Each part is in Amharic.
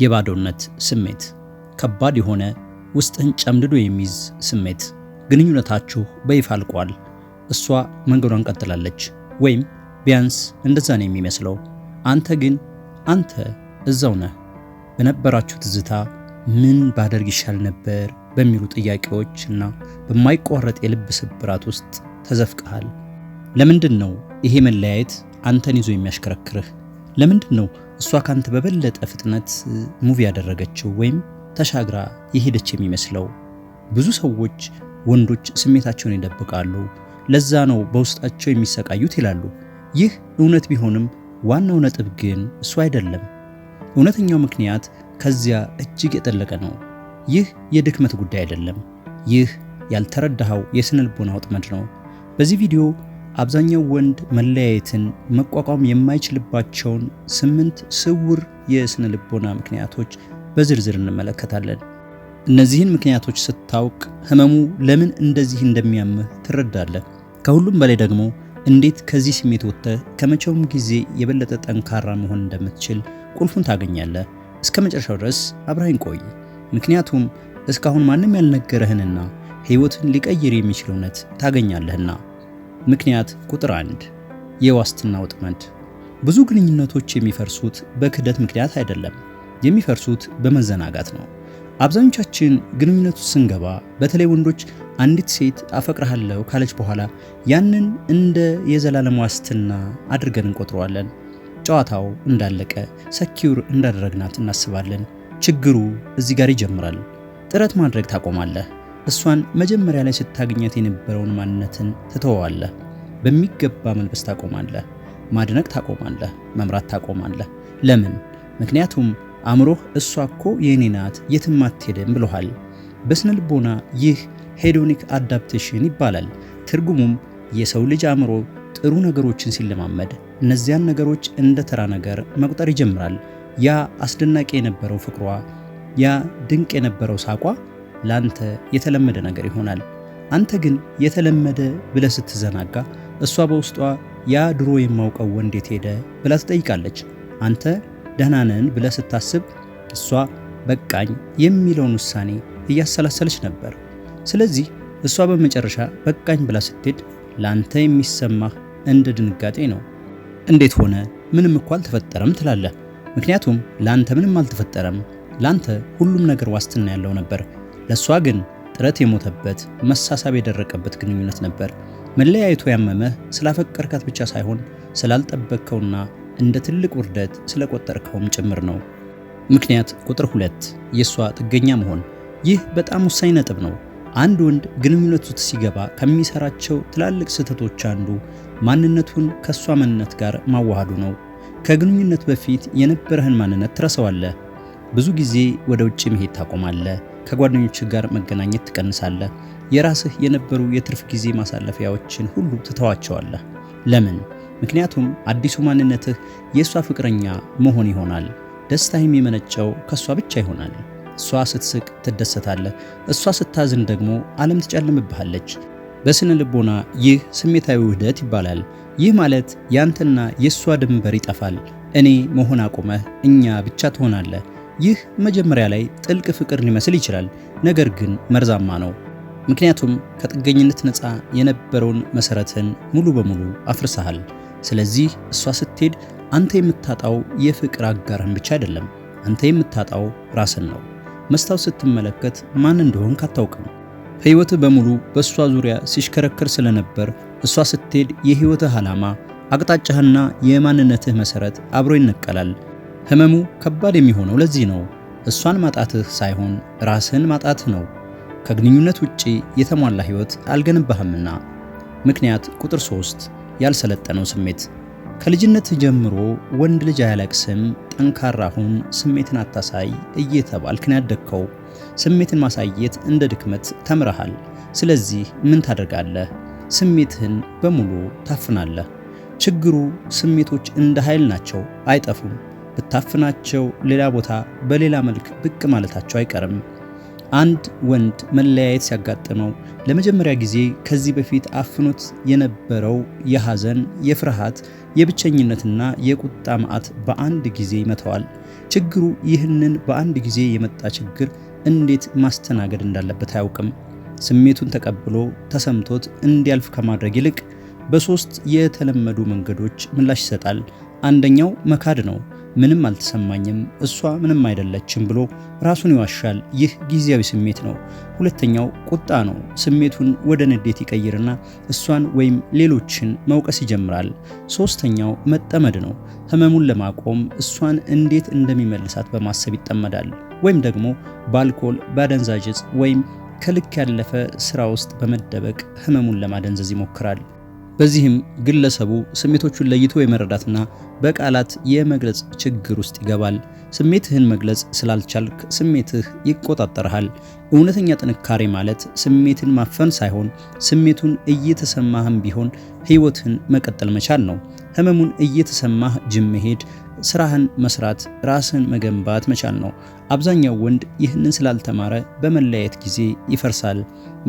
የባዶነት ስሜት፣ ከባድ የሆነ ውስጥን ጨምድዶ የሚይዝ ስሜት። ግንኙነታችሁ በይፋ አልቋል። እሷ መንገዷን ቀጥላለች፣ ወይም ቢያንስ እንደዛ ነው የሚመስለው። አንተ ግን አንተ እዛው ነህ። በነበራችሁ ትዝታ ምን ባደርግ ይሻል ነበር በሚሉ ጥያቄዎች እና በማይቋረጥ የልብ ስብራት ውስጥ ተዘፍቀሃል። ለምንድን ነው ይሄ መለያየት አንተን ይዞ የሚያሽከረክርህ? ለምንድን ነው እሷ ካንተ በበለጠ ፍጥነት ሙቪ ያደረገችው ወይም ተሻግራ የሄደች የሚመስለው? ብዙ ሰዎች ወንዶች ስሜታቸውን ይደብቃሉ፣ ለዛ ነው በውስጣቸው የሚሰቃዩት ይላሉ። ይህ እውነት ቢሆንም ዋናው ነጥብ ግን እሱ አይደለም። እውነተኛው ምክንያት ከዚያ እጅግ የጠለቀ ነው። ይህ የድክመት ጉዳይ አይደለም። ይህ ያልተረዳኸው የስነ ልቦና ወጥመድ ነው። በዚህ ቪዲዮ አብዛኛው ወንድ መለያየትን መቋቋም የማይችልባቸውን ስምንት ስውር የስነ ልቦና ምክንያቶች በዝርዝር እንመለከታለን። እነዚህን ምክንያቶች ስታውቅ ህመሙ ለምን እንደዚህ እንደሚያምህ ትረዳለህ። ከሁሉም በላይ ደግሞ እንዴት ከዚህ ስሜት ወጥተህ ከመቼውም ጊዜ የበለጠ ጠንካራ መሆን እንደምትችል ቁልፉን ታገኛለህ። እስከ መጨረሻው ድረስ አብረኸኝ ቆይ፣ ምክንያቱም እስካሁን ማንም ያልነገረህንና ህይወትን ሊቀይር የሚችል እውነት ታገኛለህና። ምክንያት ቁጥር አንድ የዋስትና ወጥመድ። ብዙ ግንኙነቶች የሚፈርሱት በክህደት ምክንያት አይደለም፣ የሚፈርሱት በመዘናጋት ነው። አብዛኞቻችን ግንኙነቱ ስንገባ በተለይ ወንዶች አንዲት ሴት አፈቅርሃለሁ ካለች በኋላ ያንን እንደ የዘላለም ዋስትና አድርገን እንቆጥረዋለን። ጨዋታው እንዳለቀ ሰኪውር እንዳደረግናት እናስባለን። ችግሩ እዚህ ጋር ይጀምራል። ጥረት ማድረግ ታቆማለህ። እሷን መጀመሪያ ላይ ስታገኛት የነበረውን ማንነትን ትተወዋለህ። በሚገባ መልበስ ታቆማለህ። ማድነቅ ታቆማለህ። መምራት ታቆማለህ። ለምን? ምክንያቱም አእምሮህ እሷ እኮ የኔናት ናት የትም አትሄድም ብሎሃል። በስነ ልቦና ይህ ሄዶኒክ አዳፕቴሽን ይባላል። ትርጉሙም የሰው ልጅ አእምሮ ጥሩ ነገሮችን ሲለማመድ እነዚያን ነገሮች እንደ ተራ ነገር መቁጠር ይጀምራል። ያ አስደናቂ የነበረው ፍቅሯ፣ ያ ድንቅ የነበረው ሳቋ ላንተ የተለመደ ነገር ይሆናል። አንተ ግን የተለመደ ብለ ስትዘናጋ እሷ በውስጧ ያ ድሮ የማውቀው ወንድ የት ሄደ ብላ ትጠይቃለች። አንተ ደህና ነን ብለ ስታስብ እሷ በቃኝ የሚለውን ውሳኔ እያሰላሰለች ነበር። ስለዚህ እሷ በመጨረሻ በቃኝ ብላ ስትሄድ ላንተ የሚሰማህ እንደ ድንጋጤ ነው። እንዴት ሆነ? ምንም እኮ አልተፈጠረም ትላለህ። ምክንያቱም ላንተ ምንም አልተፈጠረም። ላንተ ሁሉም ነገር ዋስትና ያለው ነበር። ለእሷ ግን ጥረት የሞተበት መሳሳብ የደረቀበት ግንኙነት ነበር። መለያየቱ ያመመህ ስላፈቀርካት ብቻ ሳይሆን ስላልጠበቅከውና እንደ ትልቅ ውርደት ስለቆጠርከውም ጭምር ነው። ምክንያት ቁጥር ሁለት የእሷ ጥገኛ መሆን። ይህ በጣም ወሳኝ ነጥብ ነው። አንድ ወንድ ግንኙነት ውስጥ ሲገባ ከሚሰራቸው ትላልቅ ስህተቶች አንዱ ማንነቱን ከእሷ ማንነት ጋር ማዋሃዱ ነው። ከግንኙነት በፊት የነበረህን ማንነት ትረሰዋለህ። ብዙ ጊዜ ወደ ውጭ መሄድ ታቆማለህ። ከጓደኞች ጋር መገናኘት ትቀንሳለህ። የራስህ የነበሩ የትርፍ ጊዜ ማሳለፊያዎችን ሁሉ ትተዋቸዋለህ። ለምን? ምክንያቱም አዲሱ ማንነትህ የእሷ ፍቅረኛ መሆን ይሆናል። ደስታ የሚመነጨው ከእሷ ብቻ ይሆናል። እሷ ስትስቅ ትደሰታለህ፣ እሷ ስታዝን ደግሞ ዓለም ትጨልምብሃለች። በስነ ልቦና ይህ ስሜታዊ ውህደት ይባላል። ይህ ማለት ያንተና የእሷ ድንበር ይጠፋል። እኔ መሆን አቁመህ እኛ ብቻ ትሆናለህ። ይህ መጀመሪያ ላይ ጥልቅ ፍቅር ሊመስል ይችላል፣ ነገር ግን መርዛማ ነው። ምክንያቱም ከጥገኝነት ነፃ የነበረውን መሰረትን ሙሉ በሙሉ አፍርሰሃል። ስለዚህ እሷ ስትሄድ አንተ የምታጣው የፍቅር አጋርህን ብቻ አይደለም፣ አንተ የምታጣው ራስን ነው። መስታወት ስትመለከት ማን እንደሆንክ አታውቅም። ሕይወትህ በሙሉ በእሷ ዙሪያ ሲሽከረከር ስለነበር እሷ ስትሄድ የሕይወትህ ዓላማ፣ አቅጣጫህና የማንነትህ መሰረት አብሮ ይነቀላል። ህመሙ ከባድ የሚሆነው ለዚህ ነው። እሷን ማጣትህ ሳይሆን ራስህን ማጣትህ ነው። ከግንኙነት ውጪ የተሟላ ህይወት አልገነባህምና። ምክንያት ቁጥር 3 ያልሰለጠነው ስሜት። ከልጅነት ጀምሮ ወንድ ልጅ አያለቅስም፣ ጠንካራ ሁን፣ ስሜትን አታሳይ እየተባልክን ያደግከው። ስሜትን ማሳየት እንደ ድክመት ተምረሃል። ስለዚህ ምን ታደርጋለህ? ስሜትህን በሙሉ ታፍናለህ። ችግሩ ስሜቶች እንደ ኃይል ናቸው፣ አይጠፉም። ብታፍናቸው ሌላ ቦታ በሌላ መልክ ብቅ ማለታቸው አይቀርም። አንድ ወንድ መለያየት ሲያጋጥመው ለመጀመሪያ ጊዜ ከዚህ በፊት አፍኖት የነበረው የሐዘን፣ የፍርሃት፣ የብቸኝነትና የቁጣ መዓት በአንድ ጊዜ ይመተዋል። ችግሩ ይህንን በአንድ ጊዜ የመጣ ችግር እንዴት ማስተናገድ እንዳለበት አያውቅም። ስሜቱን ተቀብሎ ተሰምቶት እንዲያልፍ ከማድረግ ይልቅ በሶስት የተለመዱ መንገዶች ምላሽ ይሰጣል። አንደኛው መካድ ነው። ምንም አልተሰማኝም፣ እሷ ምንም አይደለችም ብሎ ራሱን ይዋሻል። ይህ ጊዜያዊ ስሜት ነው። ሁለተኛው ቁጣ ነው። ስሜቱን ወደ ንዴት ይቀይርና እሷን ወይም ሌሎችን መውቀስ ይጀምራል። ሶስተኛው መጠመድ ነው። ህመሙን ለማቆም እሷን እንዴት እንደሚመልሳት በማሰብ ይጠመዳል። ወይም ደግሞ በአልኮል በአደንዛዥ እጽ ወይም ከልክ ያለፈ ስራ ውስጥ በመደበቅ ህመሙን ለማደንዘዝ ይሞክራል። በዚህም ግለሰቡ ስሜቶቹን ለይቶ የመረዳትና በቃላት የመግለጽ ችግር ውስጥ ይገባል። ስሜትህን መግለጽ ስላልቻልክ ስሜትህ ይቆጣጠርሃል። እውነተኛ ጥንካሬ ማለት ስሜትን ማፈን ሳይሆን ስሜቱን እየተሰማህም ቢሆን ህይወትህን መቀጠል መቻል ነው። ህመሙን እየተሰማህ ጅም መሄድ ስራህን መስራት፣ ራስህን መገንባት መቻል ነው። አብዛኛው ወንድ ይህንን ስላልተማረ በመለያየት ጊዜ ይፈርሳል።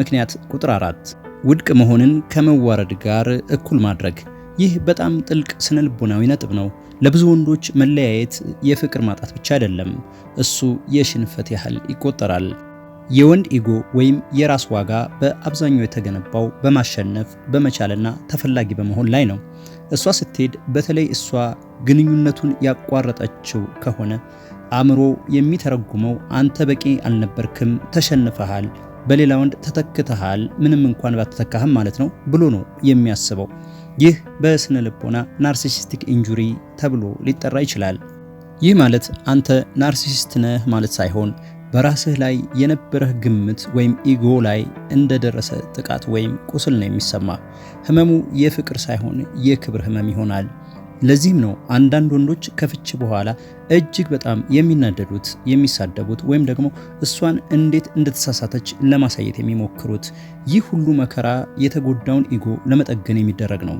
ምክንያት ቁጥር አራት ውድቅ መሆንን ከመዋረድ ጋር እኩል ማድረግ። ይህ በጣም ጥልቅ ስነልቦናዊ ነጥብ ነው። ለብዙ ወንዶች መለያየት የፍቅር ማጣት ብቻ አይደለም፣ እሱ የሽንፈት ያህል ይቆጠራል። የወንድ ኢጎ ወይም የራስ ዋጋ በአብዛኛው የተገነባው በማሸነፍ በመቻልና ተፈላጊ በመሆን ላይ ነው። እሷ ስትሄድ በተለይ እሷ ግንኙነቱን ያቋረጠችው ከሆነ አእምሮ የሚተረጉመው አንተ በቂ አልነበርክም፣ ተሸንፈሃል፣ በሌላ ወንድ ተተክተሃል፣ ምንም እንኳን ባትተካህም ማለት ነው ብሎ ነው የሚያስበው። ይህ በስነ ልቦና ናርሲሲስቲክ ኢንጁሪ ተብሎ ሊጠራ ይችላል። ይህ ማለት አንተ ናርሲሲስት ነህ ማለት ሳይሆን በራስህ ላይ የነበረህ ግምት ወይም ኢጎ ላይ እንደደረሰ ጥቃት ወይም ቁስል ነው የሚሰማ። ህመሙ የፍቅር ሳይሆን የክብር ህመም ይሆናል። ለዚህም ነው አንዳንድ ወንዶች ከፍች በኋላ እጅግ በጣም የሚናደዱት፣ የሚሳደቡት ወይም ደግሞ እሷን እንዴት እንደተሳሳተች ለማሳየት የሚሞክሩት። ይህ ሁሉ መከራ የተጎዳውን ኢጎ ለመጠገን የሚደረግ ነው።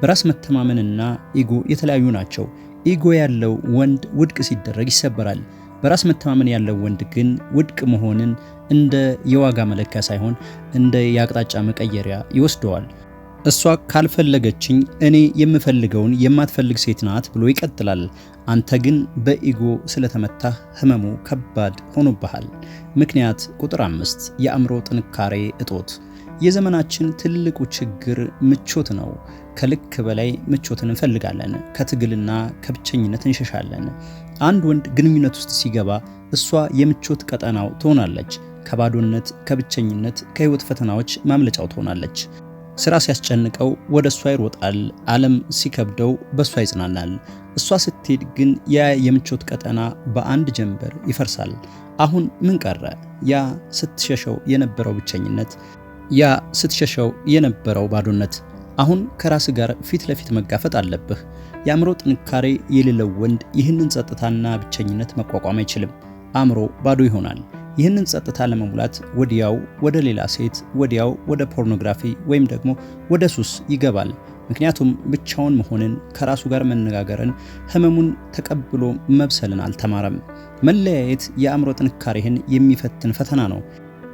በራስ መተማመንና ኢጎ የተለያዩ ናቸው። ኢጎ ያለው ወንድ ውድቅ ሲደረግ ይሰበራል። በራስ መተማመን ያለው ወንድ ግን ውድቅ መሆንን እንደ የዋጋ መለኪያ ሳይሆን እንደ የአቅጣጫ መቀየሪያ ይወስደዋል። እሷ ካልፈለገችኝ እኔ የምፈልገውን የማትፈልግ ሴት ናት ብሎ ይቀጥላል። አንተ ግን በኢጎ ስለተመታ ህመሙ ከባድ ሆኖብሃል። ምክንያት ቁጥር አምስት የአእምሮ ጥንካሬ እጦት። የዘመናችን ትልቁ ችግር ምቾት ነው። ከልክ በላይ ምቾትን እንፈልጋለን። ከትግልና ከብቸኝነት እንሸሻለን። አንድ ወንድ ግንኙነት ውስጥ ሲገባ እሷ የምቾት ቀጠናው ትሆናለች። ከባዶነት፣ ከብቸኝነት፣ ከህይወት ፈተናዎች ማምለጫው ትሆናለች። ስራ ሲያስጨንቀው ወደ እሷ ይሮጣል። ዓለም ሲከብደው በእሷ ይጽናናል። እሷ ስትሄድ ግን ያ የምቾት ቀጠና በአንድ ጀንበር ይፈርሳል። አሁን ምን ቀረ? ያ ስትሸሸው የነበረው ብቸኝነት፣ ያ ስትሸሸው የነበረው ባዶነት አሁን ከራስ ጋር ፊት ለፊት መጋፈጥ አለብህ። የአእምሮ ጥንካሬ የሌለው ወንድ ይህንን ጸጥታና ብቸኝነት መቋቋም አይችልም። አእምሮ ባዶ ይሆናል። ይህንን ጸጥታ ለመሙላት ወዲያው ወደ ሌላ ሴት፣ ወዲያው ወደ ፖርኖግራፊ ወይም ደግሞ ወደ ሱስ ይገባል። ምክንያቱም ብቻውን መሆንን፣ ከራሱ ጋር መነጋገርን፣ ህመሙን ተቀብሎ መብሰልን አልተማረም። መለያየት የአእምሮ ጥንካሬህን የሚፈትን ፈተና ነው።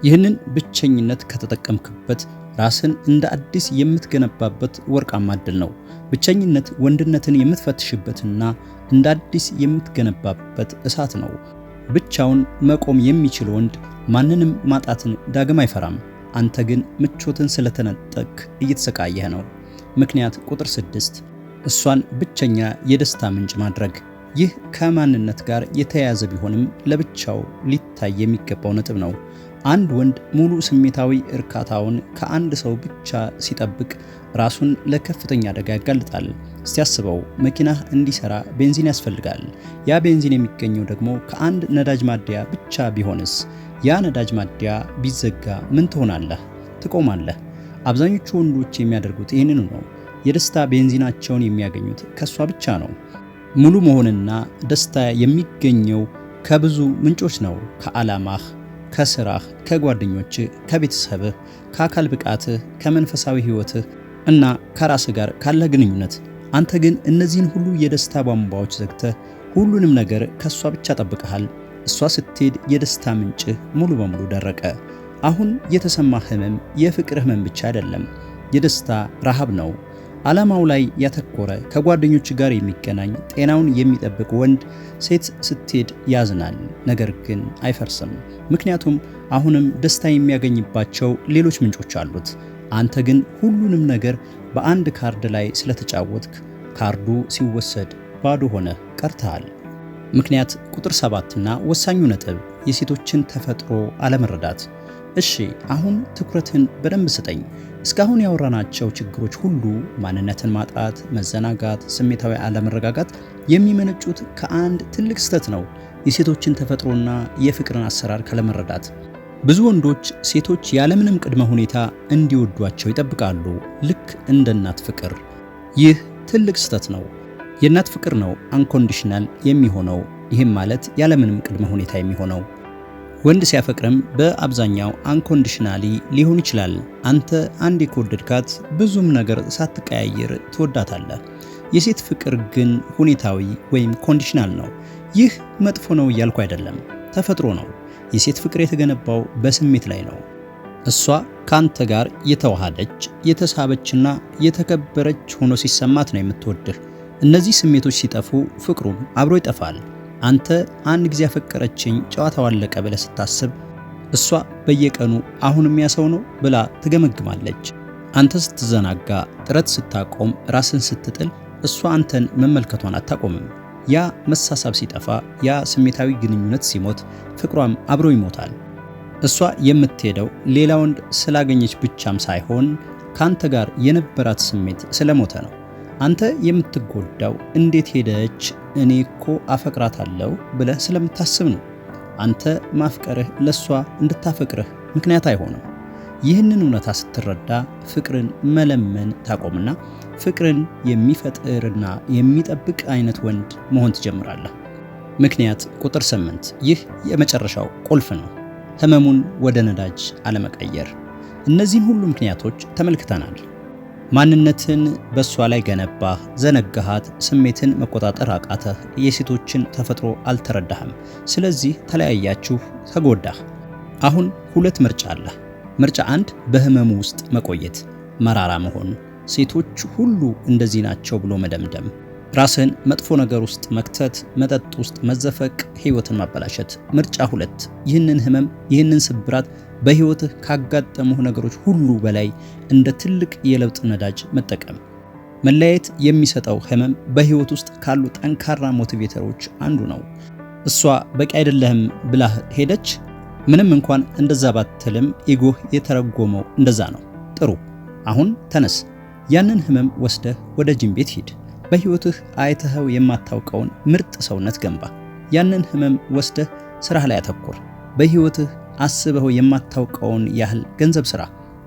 ይህንን ብቸኝነት ከተጠቀምክበት ራስን እንደ አዲስ የምትገነባበት ወርቃማ እድል ነው። ብቸኝነት ወንድነትን የምትፈትሽበትና እንደ አዲስ የምትገነባበት እሳት ነው። ብቻውን መቆም የሚችል ወንድ ማንንም ማጣትን ዳግም አይፈራም። አንተ ግን ምቾትን ስለተነጠቅ እየተሰቃየህ ነው። ምክንያት ቁጥር ስድስት እሷን ብቸኛ የደስታ ምንጭ ማድረግ። ይህ ከማንነት ጋር የተያያዘ ቢሆንም ለብቻው ሊታይ የሚገባው ነጥብ ነው። አንድ ወንድ ሙሉ ስሜታዊ እርካታውን ከአንድ ሰው ብቻ ሲጠብቅ ራሱን ለከፍተኛ አደጋ ያጋልጣል። ሲያስበው መኪና እንዲሰራ ቤንዚን ያስፈልጋል። ያ ቤንዚን የሚገኘው ደግሞ ከአንድ ነዳጅ ማደያ ብቻ ቢሆንስ? ያ ነዳጅ ማደያ ቢዘጋ ምን ትሆናለህ? ትቆማለህ። አብዛኞቹ ወንዶች የሚያደርጉት ይህንኑ ነው። የደስታ ቤንዚናቸውን የሚያገኙት ከእሷ ብቻ ነው። ሙሉ መሆንና ደስታ የሚገኘው ከብዙ ምንጮች ነው፣ ከዓላማህ ከስራህ፣ ከጓደኞችህ፣ ከቤተሰብህ፣ ከአካል ብቃትህ፣ ከመንፈሳዊ ህይወትህ እና ከራስ ጋር ካለ ግንኙነት። አንተ ግን እነዚህን ሁሉ የደስታ ቧንቧዎች ዘግተህ ሁሉንም ነገር ከእሷ ብቻ ጠብቀሃል። እሷ ስትሄድ የደስታ ምንጭህ ሙሉ በሙሉ ደረቀ። አሁን የተሰማ ህመም የፍቅር ህመም ብቻ አይደለም፣ የደስታ ረሃብ ነው። ዓላማው ላይ ያተኮረ ከጓደኞች ጋር የሚገናኝ ጤናውን የሚጠብቅ ወንድ ሴት ስትሄድ ያዝናል፣ ነገር ግን አይፈርስም። ምክንያቱም አሁንም ደስታ የሚያገኝባቸው ሌሎች ምንጮች አሉት። አንተ ግን ሁሉንም ነገር በአንድ ካርድ ላይ ስለተጫወትክ ካርዱ ሲወሰድ ባዶ ሆነ ቀርተሃል። ምክንያት ቁጥር ሰባትና ወሳኙ ነጥብ የሴቶችን ተፈጥሮ አለመረዳት እሺ አሁን ትኩረትን በደንብ ስጠኝ። እስካሁን ያወራናቸው ችግሮች ሁሉ ማንነትን ማጣት፣ መዘናጋት፣ ስሜታዊ አለመረጋጋት የሚመነጩት ከአንድ ትልቅ ስህተት ነው፤ የሴቶችን ተፈጥሮና የፍቅርን አሰራር ካለመረዳት። ብዙ ወንዶች ሴቶች ያለምንም ቅድመ ሁኔታ እንዲወዷቸው ይጠብቃሉ፣ ልክ እንደ እናት ፍቅር። ይህ ትልቅ ስህተት ነው። የእናት ፍቅር ነው አንኮንዲሽናል የሚሆነው፣ ይህም ማለት ያለምንም ቅድመ ሁኔታ የሚሆነው ወንድ ሲያፈቅርም በአብዛኛው አንኮንዲሽናሊ ሊሆን ይችላል። አንተ አንዴ ከወደድካት ብዙም ነገር ሳትቀያየር ትወዳታለህ። የሴት ፍቅር ግን ሁኔታዊ ወይም ኮንዲሽናል ነው። ይህ መጥፎ ነው እያልኩ አይደለም፣ ተፈጥሮ ነው። የሴት ፍቅር የተገነባው በስሜት ላይ ነው። እሷ ካንተ ጋር የተዋሃደች የተሳበችና የተከበረች ሆኖ ሲሰማት ነው የምትወድህ። እነዚህ ስሜቶች ሲጠፉ ፍቅሩም አብሮ ይጠፋል። አንተ አንድ ጊዜ ያፈቀረችኝ ጨዋታው አለቀ ብለህ ስታስብ እሷ በየቀኑ አሁን የሚያሰው ነው ብላ ትገመግማለች። አንተ ስትዘናጋ፣ ጥረት ስታቆም፣ ራስን ስትጥል እሷ አንተን መመልከቷን አታቆምም። ያ መሳሳብ ሲጠፋ፣ ያ ስሜታዊ ግንኙነት ሲሞት፣ ፍቅሯም አብሮ ይሞታል። እሷ የምትሄደው ሌላ ወንድ ስላገኘች ብቻም ሳይሆን ከአንተ ጋር የነበራት ስሜት ስለሞተ ነው። አንተ የምትጎዳው እንዴት ሄደች እኔ እኮ አፈቅራታለሁ ብለህ ስለምታስብ ነው። አንተ ማፍቀርህ ለሷ እንድታፈቅርህ ምክንያት አይሆንም። ይህንን እውነታ ስትረዳ ፍቅርን መለመን ታቆምና ፍቅርን የሚፈጥርና የሚጠብቅ አይነት ወንድ መሆን ትጀምራለህ። ምክንያት ቁጥር ስምንት ይህ የመጨረሻው ቁልፍ ነው። ህመሙን ወደ ነዳጅ አለመቀየር። እነዚህን ሁሉ ምክንያቶች ተመልክተናል። ማንነትን በእሷ ላይ ገነባህ፣ ዘነጋሃት፣ ስሜትን መቆጣጠር አቃተህ፣ የሴቶችን ተፈጥሮ አልተረዳህም። ስለዚህ ተለያያችሁ፣ ተጎዳህ። አሁን ሁለት ምርጫ አለህ። ምርጫ አንድ በህመሙ ውስጥ መቆየት፣ መራራ መሆን፣ ሴቶች ሁሉ እንደዚህ ናቸው ብሎ መደምደም ራስን መጥፎ ነገር ውስጥ መክተት፣ መጠጥ ውስጥ መዘፈቅ፣ ህይወትን ማበላሸት። ምርጫ ሁለት ይህንን ህመም ይህንን ስብራት በህይወትህ ካጋጠሙህ ነገሮች ሁሉ በላይ እንደ ትልቅ የለውጥ ነዳጅ መጠቀም። መለያየት የሚሰጠው ህመም በህይወት ውስጥ ካሉ ጠንካራ ሞቲቬተሮች አንዱ ነው። እሷ በቂ አይደለህም ብላህ ሄደች። ምንም እንኳን እንደዛ ባትልም ኢጎህ የተረጎመው እንደዛ ነው። ጥሩ፣ አሁን ተነስ። ያንን ህመም ወስደህ ወደ ጅም ቤት ሂድ። በህይወትህ አይተኸው የማታውቀውን ምርጥ ሰውነት ገንባ። ያንን ህመም ወስደህ ስራህ ላይ አተኩር። በህይወትህ አስበው የማታውቀውን ያህል ገንዘብ ስራ።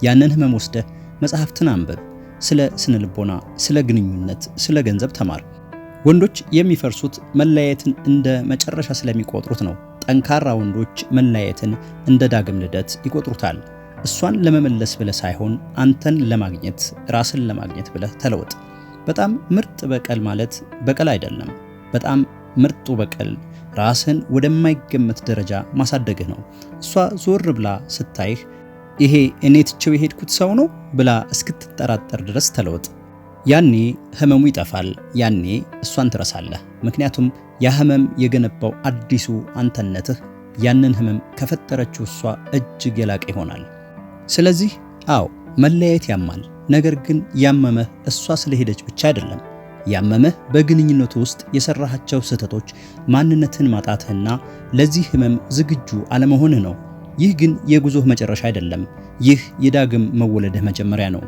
ያንን ህመም ወስደህ መጽሐፍትን አንብብ። ስለ ስነ ልቦና፣ ስለ ግንኙነት፣ ስለ ገንዘብ ተማር። ወንዶች የሚፈርሱት መለያየትን እንደ መጨረሻ ስለሚቆጥሩት ነው። ጠንካራ ወንዶች መለያየትን እንደ ዳግም ልደት ይቆጥሩታል። እሷን ለመመለስ ብለህ ሳይሆን አንተን ለማግኘት ራስን ለማግኘት ብለህ ተለወጥ። በጣም ምርጥ በቀል ማለት በቀል አይደለም። በጣም ምርጡ በቀል ራስህን ወደማይገመት ደረጃ ማሳደግህ ነው። እሷ ዞር ብላ ስታይህ ይሄ እኔ ትቼው የሄድኩት ሰው ነው ብላ እስክትጠራጠር ድረስ ተለወጥ። ያኔ ህመሙ ይጠፋል። ያኔ እሷን ትረሳለህ። ምክንያቱም ያ ህመም የገነባው አዲሱ አንተነትህ ያንን ህመም ከፈጠረችው እሷ እጅግ የላቀ ይሆናል። ስለዚህ አዎ መለያየት ያማል። ነገር ግን ያመመህ እሷ ስለሄደች ብቻ አይደለም። ያመመህ በግንኙነቱ ውስጥ የሰራሃቸው ስህተቶች ማንነትን ማጣትህና ለዚህ ህመም ዝግጁ አለመሆንህ ነው። ይህ ግን የጉዞህ መጨረሻ አይደለም። ይህ የዳግም መወለድህ መጀመሪያ ነው።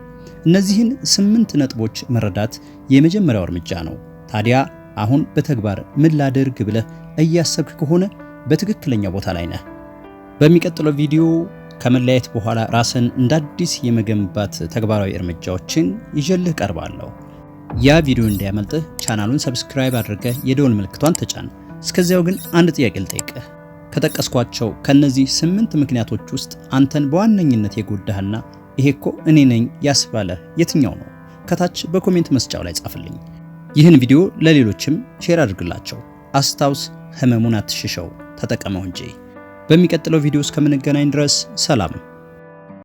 እነዚህን ስምንት ነጥቦች መረዳት የመጀመሪያው እርምጃ ነው። ታዲያ አሁን በተግባር ምን ላድርግ ብለህ እያሰብክ ከሆነ በትክክለኛ ቦታ ላይ ነህ። በሚቀጥለው ቪዲዮ ከመለያየት በኋላ ራስን እንደ አዲስ የመገንባት ተግባራዊ እርምጃዎችን ይዤልህ ቀርባለሁ። ያ ቪዲዮ እንዳያመልጥህ ቻናሉን ሰብስክራይብ አድርገህ የደወል ምልክቷን ተጫን። እስከዚያው ግን አንድ ጥያቄ ልጠይቅህ። ከጠቀስኳቸው ከነዚህ ስምንት ምክንያቶች ውስጥ አንተን በዋነኝነት የጎዳህና ይሄ እኮ እኔ ነኝ ያስባለህ የትኛው ነው? ከታች በኮሜንት መስጫው ላይ ጻፍልኝ። ይህን ቪዲዮ ለሌሎችም ሼር አድርግላቸው። አስታውስ፣ ህመሙን አትሽሸው፣ ተጠቀመው እንጂ በሚቀጥለው ቪዲዮ እስከምንገናኝ ድረስ ሰላም።